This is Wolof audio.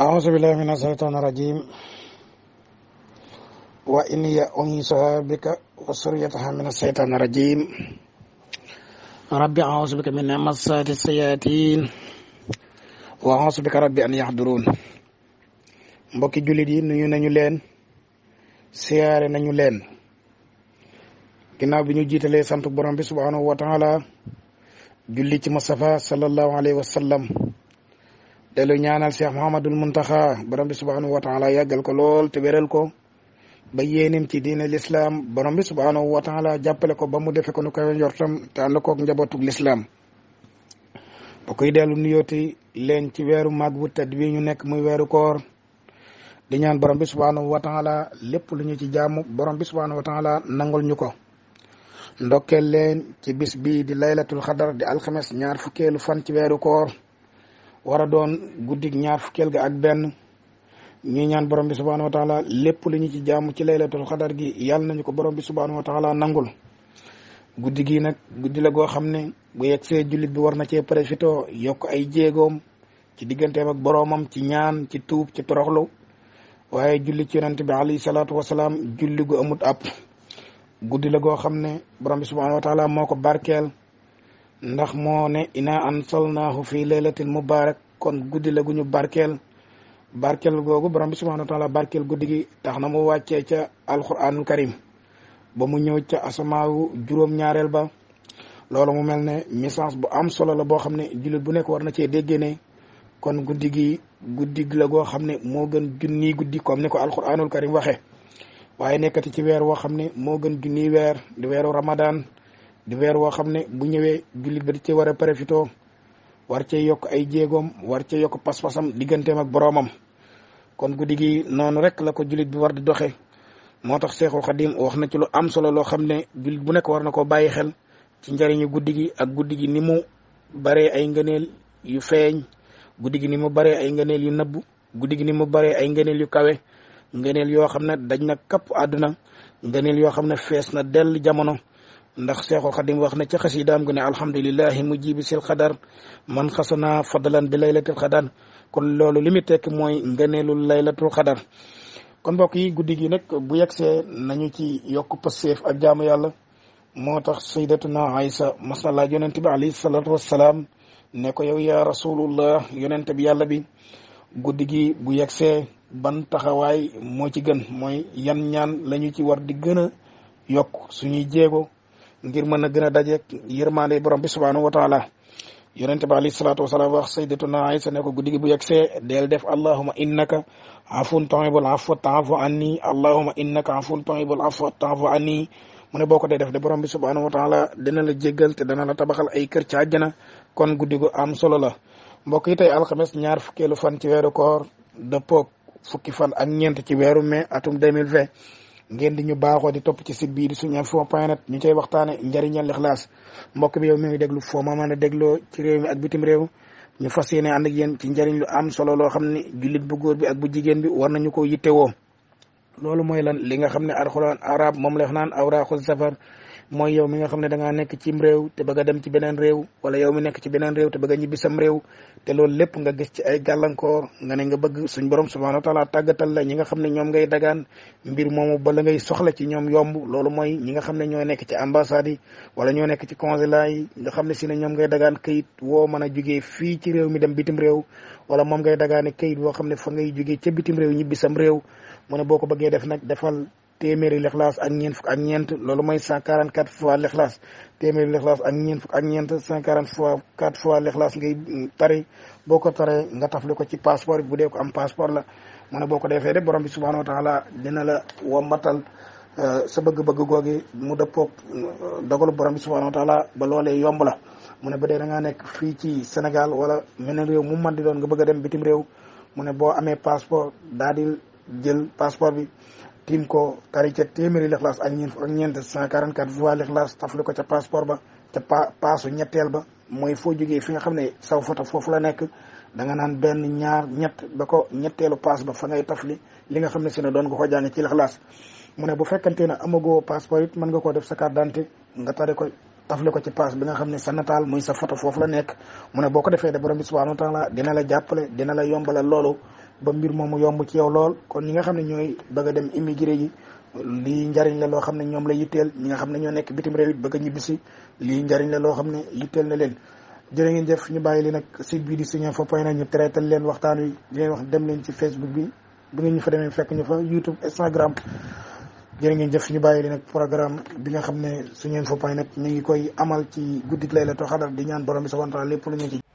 أعوذ بالله من الشيطان الرجيم وإني أنيسها بك وسريتها من الشيطان الرجيم رب أعوذ بك من مسات السياتين وأعوذ بك رب أن يحضرون mbokki jullit yi nuyu nañu leen siyaare nañu leen ginnaaw bi ñu jiitalee sant borom bi subhanahu wa taala julli ci Mustafa sallallahu alayhi wa sallam delu ñaanal Cheikh Mouhamadul Muntaxa borom bi subhanahu wa taala yàggal ko lool te wéral ko ba yéenim ci diine lislaam borom bi subhanahu wa taala jàppale ko ba mu defe ko nu kawe njortam te ànd koog njabootug l'islam ba koy dellu nuyooti leen ci weeru màgg bu tedd bi ñu nekk muy weeru koor di ñaan borom bi lépp lu ñu ci jaamu borom bi subhanahu wa taala ñu ko ndokkeel leen ci bis bii di laylatul xadar di alxames ñaar fukkeelu fan ci weeru koor war a doon guddig ñaar fukkeel ga ak benn ñuy ñaan borom bi subhaanahu wa taala lépp lu ñu ci jaamu ci laylatul xadar gi yàlla nañu ko borom bi subhaanahu wa taala nangul guddi gi nag guddi la goo xam ne bu yegsee jullit bi war na cee profité yokk ay jéegoom ci digganteem ak boromam ci ñaan ci tuub ci toroxlu waaye julli ci bi alayhi salaatu wasalaam julli la goo xam ne borom bi subhaanahu wa taala moo ko barkeel ndax moo ne inaa ansalnaahu fii laylatin mubarak kon guddi la ñu barkeel barkeel googu borom bi subhanahu wa taala barkeel guddi gi tax na mu wàccee ca alquranul karim ba mu ñëw ca asamaawu juróom-ñaareel ba loolu mu mel ne message bu am solo la boo xam ne jullit bu nekk war na cee déggee ne kon guddi gi guddi la goo xam ne moo gën junni guddi comme ni ko alquranul karim waxee waaye nekkati ci weer woo xam ne moo gën junni weer di weeru ramadan di weer woo xam ne bu ñëwee jullit ba di ci war a profitoo war cee yokk ay jéegoom war cee yokk pas-pasam digganteem ak boroomam kon guddi gi noonu rek la ko jullit bi war di doxee moo tax Seexul Xadim wax na ci lu am solo loo xam ne jullit bu nekk war na ko bàyyi xel ci njariñu guddi gi ak guddi gi ni mu baree ay ngëneel yu feeñ guddi gi ni mu baree ay ngëneel yu nëbbu guddi gi ni mu baree ay ngëneel yu kawe ngëneel yoo xam ne daj na kapp àdduna ngëneel yoo xam ne na dell jamono ndax Seexul Xadim wax na ca xasidaam gu ne alhamdulillahi mu jibi sil xadar man xasanaa fadlan bi laylatil xadar kon loolu li mu tekk mooy ngëneelul tu xadar kon mbokk yi guddi gi nag bu yegsee nañu ci yokk pësseef ak jaamu yàlla moo tax saydatuna Aysa mas na laaj yonent bi alayhi salaatu wassalaam nekko ko yow yaa rasulullah yonent bi yàlla bi guddi gi bu yegsee ban taxawaay moo ci gën mooy yan ñaan lañu ci war di gën a yokk suñuy jéego ngir mën a gën a dajeeg yërmande borom bi subhaanahu wa taala yonente ba alayhi salaatu wasalaam wax sayyidatuna Aysa ne ko guddi gi bu yegsee deel def allahuma innaka afun tuhibbul afwa fa'fu anni allahuma innaka afun tuhibbul afwa fa'fu anni mu ne boo ko dee def de borom bi subhaanahu wa taala dina la jéggal te dana la tabaxal ay kër ci àjjana kon guddi gu am solo la mbokk yi tey alxames ñaar fukkeelu fan ci weeru koor dëppoog fukki fan ak ñeent ci weeru mai atum 2020 ngeen di ñu baaxoo di topp ci site bii di suñu info point net ñu cay waxtaane njëriñal lixlaas mbokk bi yow mi ngi déglu foo ma mën a dégloo ci réew mi ak tim réew ñu fas yéene ànd ak yéen ci njëriñ lu am solo loo xam ne jullit bu góor bi ak bu jigéen bi war nañu ko yittewoo loolu mooy lan li nga xam ne alxuraan arab moom la wax naan awraaxu safar mooy yow mi nga xam ne da ngaa nekk cim réew te bëgg a dem ci beneen réew wala yow mi nekk ci beneen réew te bëgg ñibbi sam réew te loolu lépp nga gis ci ay gàllankoor nga ne nga bëgg suñ borom subhanahu wa a tàggatal la ñi nga xam ne ñoom ngay dagaan mbir moomu ba ngay soxla ci ñoom yomb loolu mooy ñi nga xam ne ñoo nekk ci ambassade yi wala ñoo nekk ci consulat yi nga xam ne si ne ñoom ngay dagaan këyit woo mën a jugee fii ci réew mi dem bitim réew wala moom ngay dagaane kayit woo xam ne fa ngay jugee ca bitim réew ñibbi sam réew mu ne boo ko bëggee def nag defal téeméeri lixlaas ak ñeent fukk ñeent loolu mooy cent quarante quatre fois lixlaas téeméeri lixlaas ak ñeent fukk ak ñeent cent quarante fois quatre fois lixlaas ngay tari boo ko taree nga tafli ko ci passeport bu dee ko am passeport la mu ne boo ko defee de borom bi subhanahu wa taala dina la wambatal euh, sa bëgg-bëgg googi mu dëppoog euh, dogalu borom bi subhanahu wa taala ba loolee yomb la mu ne ba dee da nekk fii ci Sénégal wala meneen réew mu mën di doon nga bëgg a dem bitim réew mu ne boo amee passeport daa di jël bi tiim ko kari ca téeméeri lixlaas ak ñeent fukk ak ñeent cent quarante quatre voix lixlaas tafli ko ca passeport ba ca pa paasu ñetteel ba mooy foo jógee fi nga xam ne saw foto foofu la nekk da nga naan benn ñaar ñett ba ko ñetteelu paas ba fa ngay tafli li nga xam ne si ne doon nga ko jàng ci lixlaas mu ne bu fekkante ne amagoo passeport it mën nga koo def sa carte d'identité nga tari ko tafli ko ci paas bi nga xam ne sa nataal muy sa foto foofu la nekk mu ne boo ko defee de borom bi subhanahu wa taala dina la jàppale dina la yombalal loolu ba mbir moomu yomb ci yow lool kon ñi nga xam ne ñooy bëgg a dem immigré yi lii njariñ la loo xam ne ñoom la yitteel ñi nga xam ne ñoo nekk bitim réew it bëgg a ñibbisi lii njariñ la loo xam ne yitteel na leen jërë ngeen jëf ñu bàyyi li nag site bii di Sunuinfo point net ñu traital leen waxtaan wi di leen dem leen ci Facebook bi bu ngeen ñu fa demee fekk ñu fa YouTube Instagram jërë ngeen jëf ñu bàyyi li nag programme bi nga xam ne su Sunuinfo point net ñu ngi koy amal ci guddik Laylatul Qadr di ñaan borom bi subhaanahu wa taala lépp lu ñu ci